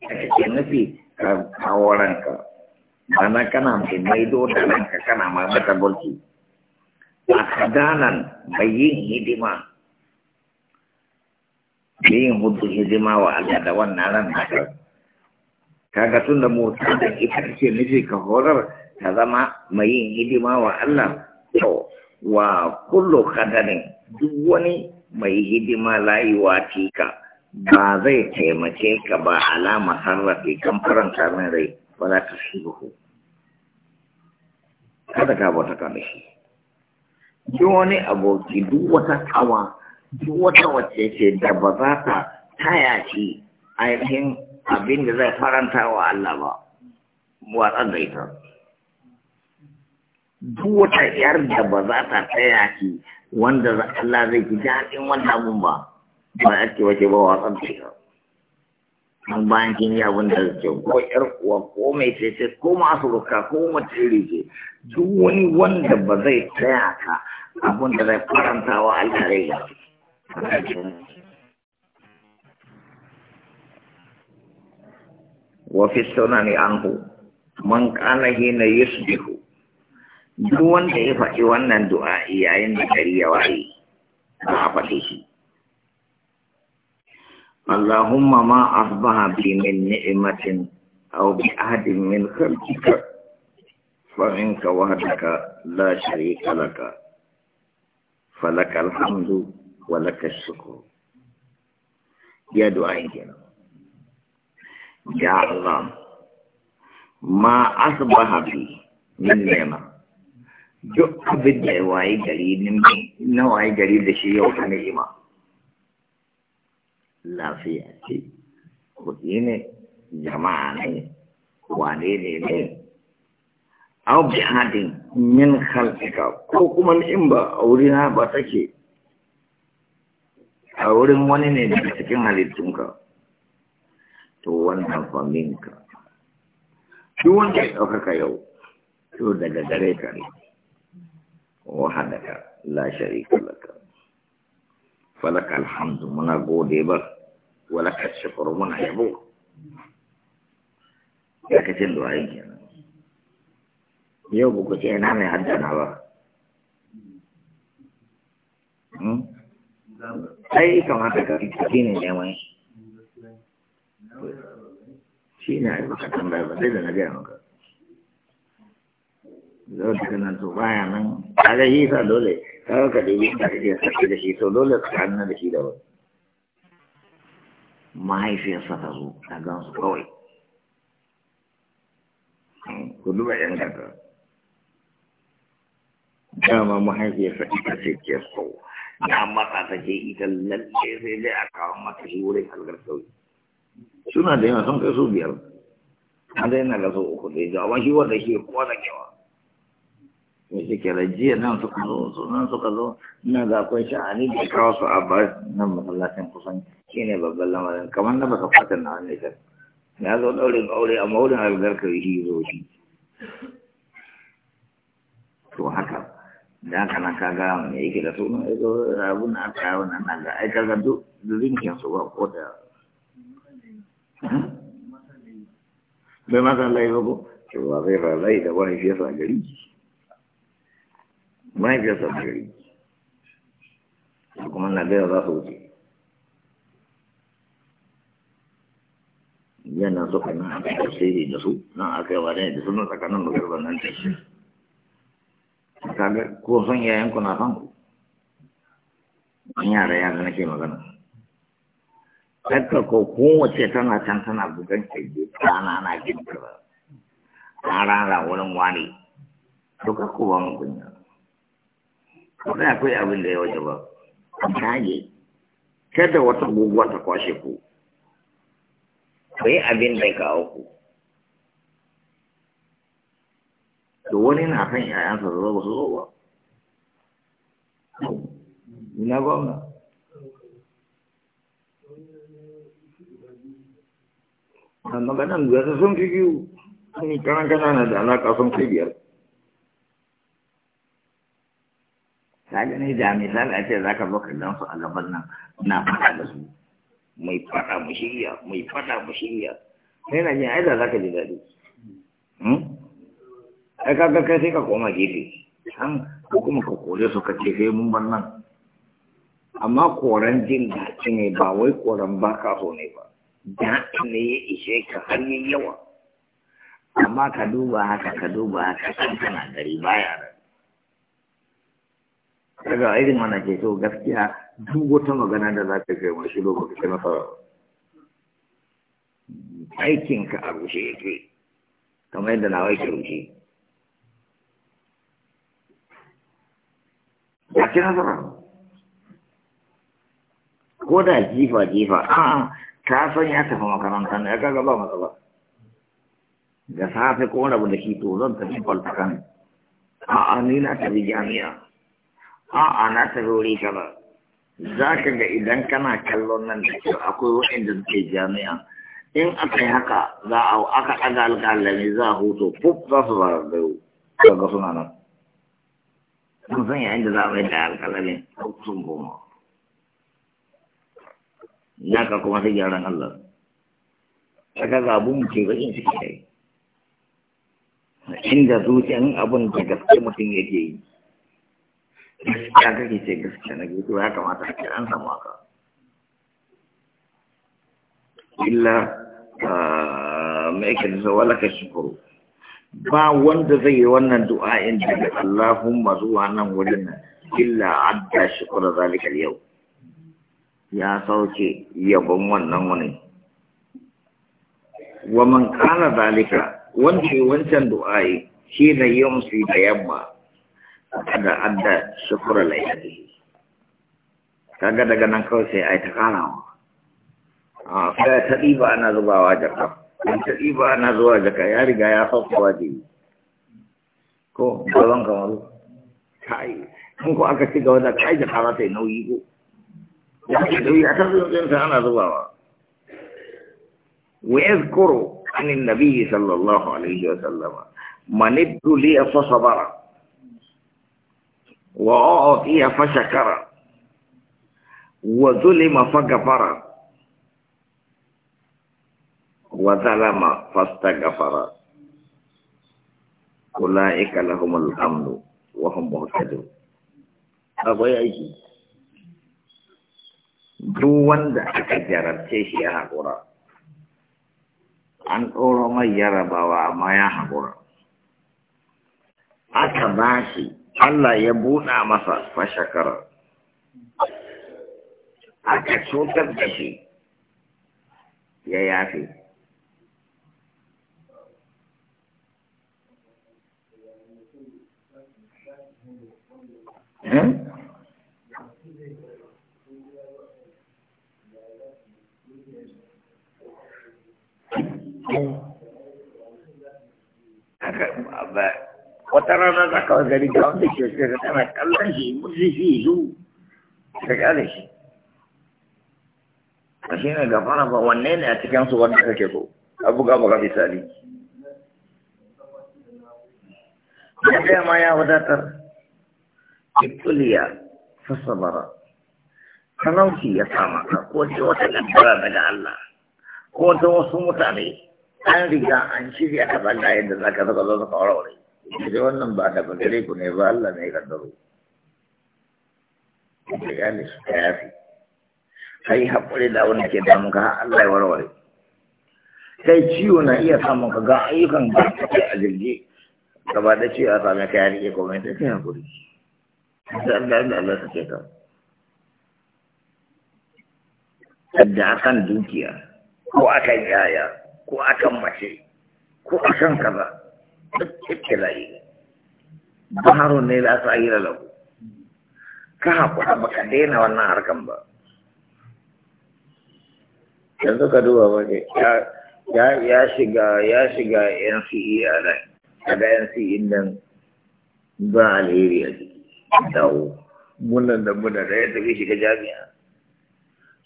da ke nufi ka kawo ranka mana kana mai maido da ranka kana ma mata gulki a kadanan mai yin hidima mai yin hudu hidima wa Allah da wannan ran naka kaga tun da da ita kake nufi ka horar ta zama mai yin hidima wa Allah to wa kullu kadanin duk wani mai hidima layuwa tika ba zai taimake ka ba alama sarrafi kan faranta min rai ba za ka shi buhu kada ka bauta ka da shi duk wani aboki duk wata kawa duk wata wacce ce da ba za ta taya shi ainihin abin da zai faranta wa Allah ba watsar da ita duk wata yar da ba za ta taya shi wanda Allah zai ji daɗin wannan abun ba ba a ce wace ba wasan ba. an bayan kin yi abin da zai ko yar kuwa ko mai ce ko masu ruka ko mace ce duk wani wanda ba zai tsaya ka abin da zai faranta wa Allah ya ga wa fi an anhu man kana su yusbihu duk wanda ya faɗi wannan du'a yayin da kariya ya waye ba a faɗe shi اللهم ما أصبح بي من نعمة أو بأحد من خلقك فمنك وحدك لا شريك لك فلك الحمد ولك الشكر يا دعائي يا الله ما أصبح بي من نعمة جو abin da ya waye gari na waye إيمان lafiya ce kuɗi ne jama'a ne wane ne ne A'u bi adin min khalqika ko kuma in ba aurina ba take a wurin wani ne daga cikin halittunka to wannan faminka shi wanda ya ɗaukaka yau to daga gare ka ne wahadaka la sharika laka فلك الحمد من غودي بر ولك الشكر من أحبوك يا كتير لوعي يا بو كتير نعم يا عدنا با أي كما هذا كتير كتير يا ماي شيء نعم كتير نعم بدل نعم yau daga nan to baya nan kaga shi sa dole kaga ka dubi da kake sake da shi to dole tsakanin da shi da wani mahaifiyarsa ta zo ta gansu kawai ku duba yan gata dama mahaifiyarsa ita ce ke so ya matsa ta ce ita lalle sai dai a kawo mata shi wurin halgar sauyi suna da yawa sun kai su biyar an dai na ga so uku da ya jawa shi wanda shi ko da kewa ya shi kira jiya nan suka zo nan suka zo nan za ku sha'ani da kawo su a ba nan masallacin kusan shi ne babban lamarin kamar na baka fata na wani kan Ya zo ɗaurin aure a maurin algar ka shi zo shi to haka da haka nan kaga mai yake da sunan aiko abun na aka yawon nan ga aika ga duk rinkin su ba ko da bai masan laifin ko to ba zai ralai da wani shi yasa gari mahaifiyarsa da gari kuma na gaya za su wuce yana suka nan aka tasiri da su nan aka yi wadai da sunan tsakanin magarba nan tashi kaga ko son yayan na san ku an yara yara nake magana Ɗanka ko kowace tana can tana bugan kirji rana na girka ba. Ta rana wurin wani. Duka kowa mun kunya. wani akwai abin da ya waje ba kage kada wata guguwa ta kwashe ku Kai abin da ya kawo ku to wani na kan yayansa su zo ba su zo ba ina gwamna Amma ganin biyar sun fi biyu sun yi karan kanana da alaƙa sun fi biyar ka gani da misali a ce za ka zo gan su a gaban nan na faɗa da su mai faɗa mu shirya mai faɗa mu shirya sai na jin aida za ka ji daɗi hmm? ai ka ga kai sai ka koma gefe an ko kuma ka kore su ka ce sai mun bar nan amma koren jin daɗi ne ba wai koren ba ka so ne ba daɗi ne ya ishe ka har yawa amma ka duba haka ka duba haka kan kana gari baya daga irin mana ke to gaskiya duk wata magana da za ka kai wani shi lokaci kai masa aikinka a rushe yake kamar yadda na yake rushe ya ci nasara ko da jifa jifa a ka san ya tafi makaranta ne ya kaga ba matsala da safe ko wani abu da shi to zan tafi kwalta kan a'a ni na tafi jami'a a'a na tafi wuri kaza za ka ga idan kana kallon nan da kyau akwai waɗanda suke jami'a in aka yi haka za a aka ɗaga alƙalami za a hoto fuf za su zara da yau ga suna nan sun san yayin da za a mai da alƙalami sun koma ya ka kuma sai gyaran Allah saka ga abun ke bakin ciki yi inda in abun da gaske mutum yake yi gaskiya kake ce gaskiya na gaskiya ya kamata a kiran sa maka illa ah, mai yake da shukuru ba wanda zai yi wannan du'a'in daga Allahumma zuwa nan wurin nan illa adda shukura zalikal yau ya sauke yabon wannan wani wa man kana zalika wanda wancan du'a'i shi ne yamsi da yamma kada adda shukura laifin kaga daga nan kawai sai a yi ta karawa a kai ta ɗiba ana zubawa jaka in ta ɗiba ana zuwa jaka ya riga ya fafuwa da yi ko gaban kamaru kai in ko aka ci gaba da kai jaka za ta nauyi ko ya ke nauyi a kan zuwa ta ana zubawa wa yazkuru anin nabiyyi sallallahu alaihi wa sallama man ibtuliya fa sabara Wa'o'o iya fasha kara, wa zoli ma fa gabara, wa zala ma fasta gabara, ko la'aika la homa al'amdu wawan bauta juna. Akwai aiki. Duwanda aka jarabce shi ya hakora, an ɗorawa mai ya rabawa amma hakora, a ka bashi. Allah ya buɗa masa fashakara aka cutar da shi ya yafe Aka ba wata rana za ka gari da wanda ke shiga tana kallon shi mutu shi zu ka kyale shi a shi ne gafara ba wanne ne a cikin su wanda kake so a buga maka misali ya ɗaya ma ya wadatar ibtuliya fasabara talauci ya kama ka ko ce wata gantara daga Allah ko ta wasu mutane an riga an shirya ka balla yadda za ka zaka zo zaka aure Jadi wannan ba da bagare ku ne ba Allah ne ya kaddaro. Da gane su ta yafi. Kai haƙuri da wani ke damu ka Allah ya warware. Kai ciwo na iya samun ka ga ayyukan ba kake a jirgi gaba da ciwo a sami ka ya rike komai ta kai haƙuri. Sai Allah da Allah sake ka. Yadda akan dukiya ko akan yaya ko akan mace ko akan kaza. ibtila'i baharun ne za la sa'ira lahu ka hakura baka daina wannan harkan ba yanzu ka duba ba ya shiga ya shiga NCE a nan daga NCE nan ba alheri a ciki dawo munan da muna da ya tafi shiga jami'a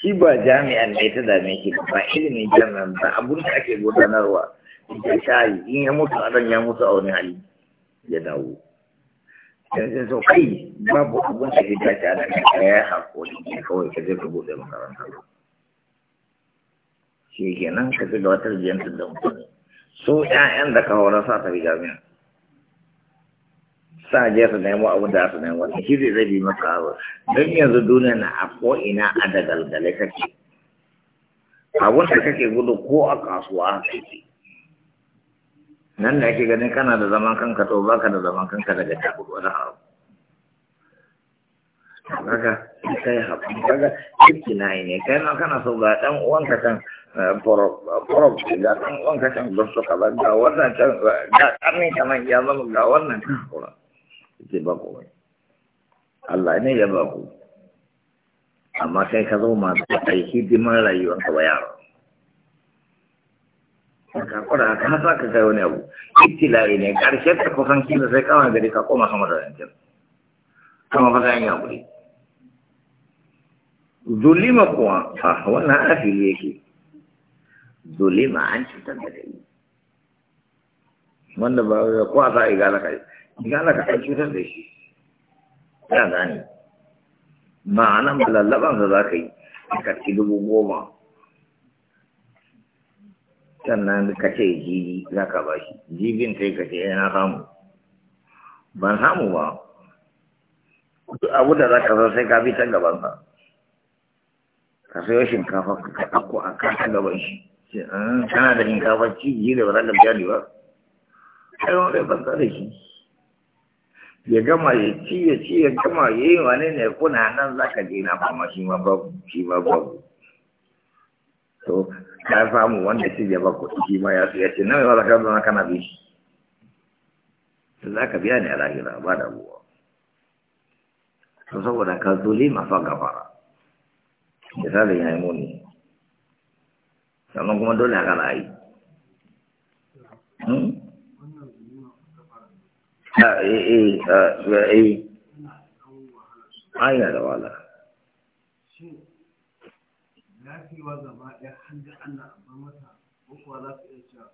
shi ba jami'an ne ta dame shi ba ilimin jami'an ba abun da ake gudanarwa ya shayi in ya mutu a ya mutu a wani hali ya dawo yanzu sau kai babu abin da ya dace a ya ka ya haƙuri ne kawai ka je ka buɗe makaranta shi nan ka ci gaba tarbiyyar da mutane su ƴaƴan da ka horar sa ta jami'a sa je su nemo abin da su nemo wani shi zai zai bi maka abu don yanzu duniya na a ko'ina a da galgale kake abin da kake gudu ko a kasuwa kake nan da ake ganin kana da zaman kanka to ba ka da zaman kanka daga takudu wani haru kaga kai haɓu kaga kirki na yi ne kai ma kana so ga ɗan uwanka can forob eh, eh, ga ɗan uwanka can gosso ka ba ga wannan can ga ƙarni kaman ya zama ga wannan can kura ce ba ku Allah ne ya ba ku amma kai ka zo masu aiki hidimar rayuwarka ba yaro ka kura ka hasa ka kai wani abu ittila'i ne karshe ta kusan kila sai kawai gari ka koma sama da rancin kama fa sai ya kuri zulima kuwa a wannan afili yake zulima an ci ta da kai wanda ba ya kuwa sa igala kai igala ka an cutar da shi ya gane ma'anan balallaban sa za ka yi ka ci dubu goma sannan ka ce jibi za ka ba shi jibin yi ka ce yana eh, samu ban samu ba abu da za ka zo sai ka bi ta gabansa ka sayo shinkafa ka ɗauko a kasa gaban shi ah, kana da shinkafa ciji da ba ka biya ni ba sai wani ban da shi ya gama ya ci ya ci ya gama ya yi wani ne kuna nan za ka je na fama shi ma babu shi ma babu to ka samu wanda shi ya bako shi ma ya ya ce nan wala ka zama kana bi za ka biya ne a lahira ba da buwa to saboda ka ma fa gafara misalin ya yi muni sannan kuma dole a kana yi hmm? ah, eh eh ah, eh, eh. ai ah, na da wala cewa gaba ɗaya har da Allah a bar kuwa za su iya cewa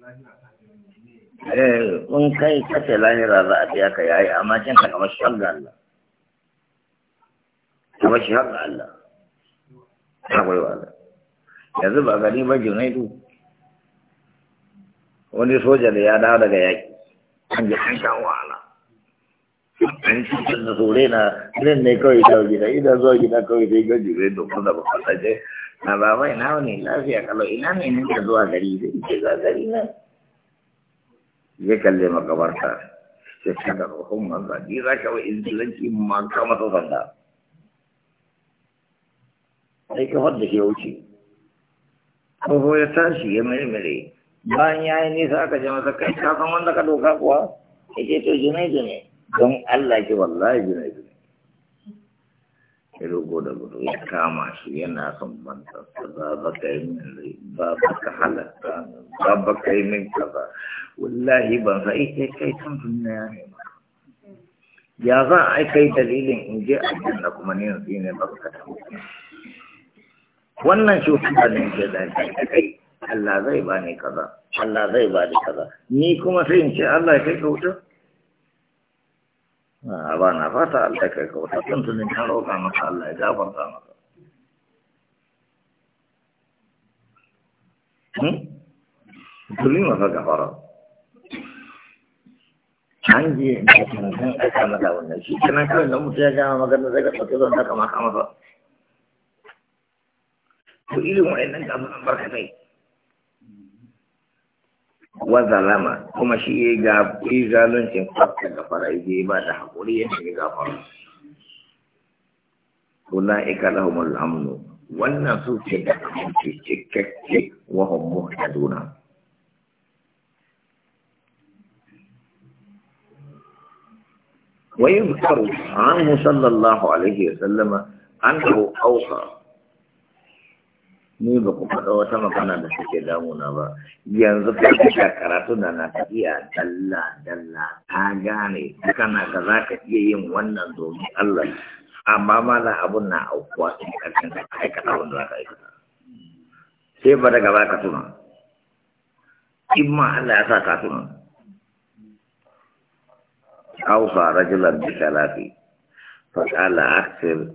lahira ta eh kai lahira za a biya ka yayi amma kin ka kamar shan ga Allah kamar shan ga Allah akwai wala yanzu ba gani ba junaidu wani soja da ya dawo daga yaki an ji an sha wahala an cikin da sore na nan ne kawai ta gida idan zuwa gida kawai sai gaji zai dokar da ba fasa na baba ina wani lafiya kalo? ina ne ne ka zuwa gari da ce za gari na zai kalle makabarta sai ka da ruhun Allah ni za ka wa insulanci ma ka masa sanda sai ka fadda ke wuce ko ya tashi ya mirmire bayan ya yi nisa aka ji masa kai ka san wanda ka doka kuwa ya ce to jinai jinai don Allah ki wallahi jinai rogo da mutum ya kama shi yana son manta ba ba ka yi min ba ba ka halatta ba ba ka yi min kaza wallahi ban sa ita eh, eh, kai tun tunna ya ne ya za a kai dalilin in je a na kuma ne yanzu ne ba ka ta wannan cutar ne ke da kai Allah zai ba ni kaza Allah zai ba ni kaza ni kuma sai in ce Allah ya kai ka wuta Ah, ba na fata Allah kai ka wata kan tunin ka roƙa maka Allah ya gafarta maka Duli hmm? masa gafara. An ji da kan aka mata wannan shi kana kawai da mutum ya gama magana zai ga sauke zan taka maka masa. To irin wa'annan gafaran barkatai. wazalama kuma shi ya ga yi zaluncin kwakwa da fara yi ba da haƙuri ya shi ga faru. Kula ika lahumar amnu wannan su ce da amince cikakke wa hannu a duna. Wai yi musarwa, an musallallahu Alaihi Wasallama, an hau aukawa. ni ba ku faɗa wata magana da suke damuna ba yanzu ka kika karatu da na tafiya dalla dalla ta gane kana ga za ka iya yin wannan domin Allah amma ma mala abun na aukuwa sun karshen da ka aikata wanda za ka aikata sai ba daga ba ka tuna in ma Allah ya sa ka tuna أوصى رجلا بثلاث فقال أكثر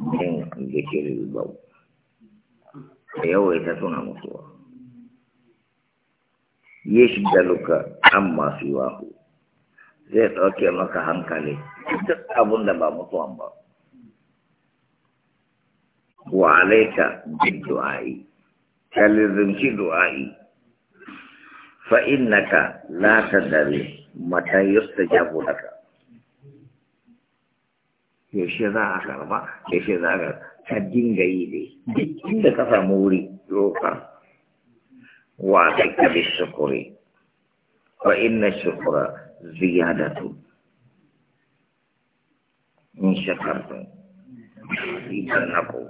من ذكر البول da yawaita suna mutuwa Yeshi da luka an masu yahu zai ɗauke maka hankali duk abin da ba mutuwan ba wa alaika bin du'a'i kalizimci du'a'i fa innaka lata dare mata yustajabu daga yaushe za a karba yaushe za a karba සද්දින් ගයිලි දෙකින්ද කස මූරි ලෝක වාදක විශ්කොරි වඉන්න ශුක්‍ර زيادතු නිශකරතු ඉතනකෝ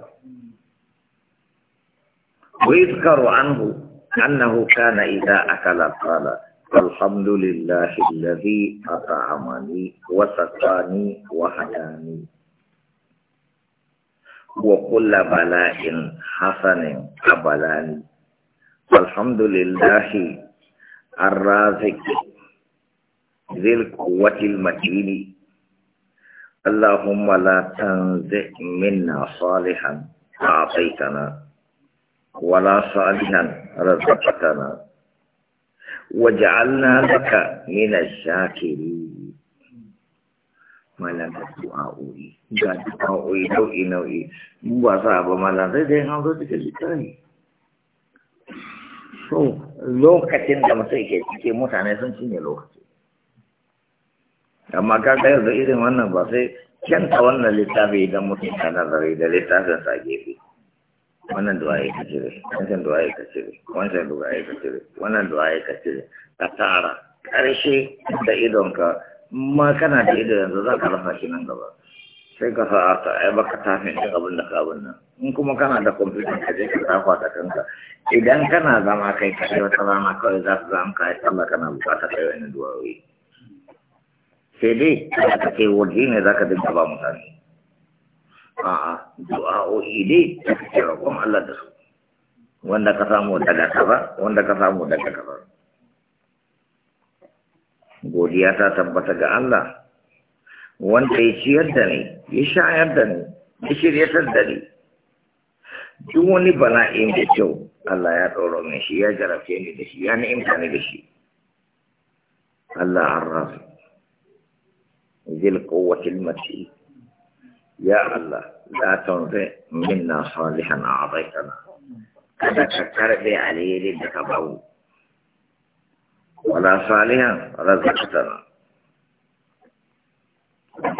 ويذكر عنه أنه كان إذا أكل قال الحمد لله الذي أطعمني وسقاني وهداني وكل بلاء حسن أبلاني والحمد لله الرازق ذي القوة المتين اللهم لا تنزع منا صالحا أعطيتنا ولا صالحا رزقتنا وجعلنا لك من الشاكرين malalar du'a'o'i ga du'a'o'i nau'i nau'i mun ba sa ba malalar dai an zo cikin so lokacin da mutum ke cike mutane sun cinye lokaci amma ka ga yanzu irin wannan ba sai kyanta wannan littafi idan mutum ta da littafin sa gefe wannan du'a'i ka cire wancan du'a'i ka cire wannan du'a'i ka cire ka tara ƙarshe da idonka ma kana da ido yanzu za ka rasa shi nan gaba sai ka sa ta ai ka tafi da abin da ka abin nan in kuma kana da kwamfuta ka je ka tafa da kanka idan kana zama kai ka yi wata rana kawai za su zama kai sallah kana bukata kai wani duwawi sai dai kana ka ce waje ne za ka dinga ba mutane a'a du'a'o'i dai ka ce kuma Allah da su wanda ka samu daga kaza wanda ka samu daga kaza godiya ta tabbata ga Allah wanda ya ciyar da ni ya shayar da ni ya shiryatar da ni duk wani bala'i da kyau Allah ya ɗora min shi ya jarafe ni da shi ya ni'imta ni da shi Allah arrafi zil quwwatil matin ya Allah la tunzi minna salihan kana. kada ka karbe alheri da ka bawo ولا صالحا رزقتنا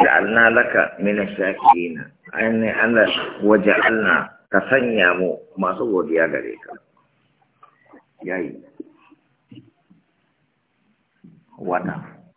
جعلنا لك من الشاكرين أن أنا وجعلنا كسنيا ما سوى يا غريك ياي وانا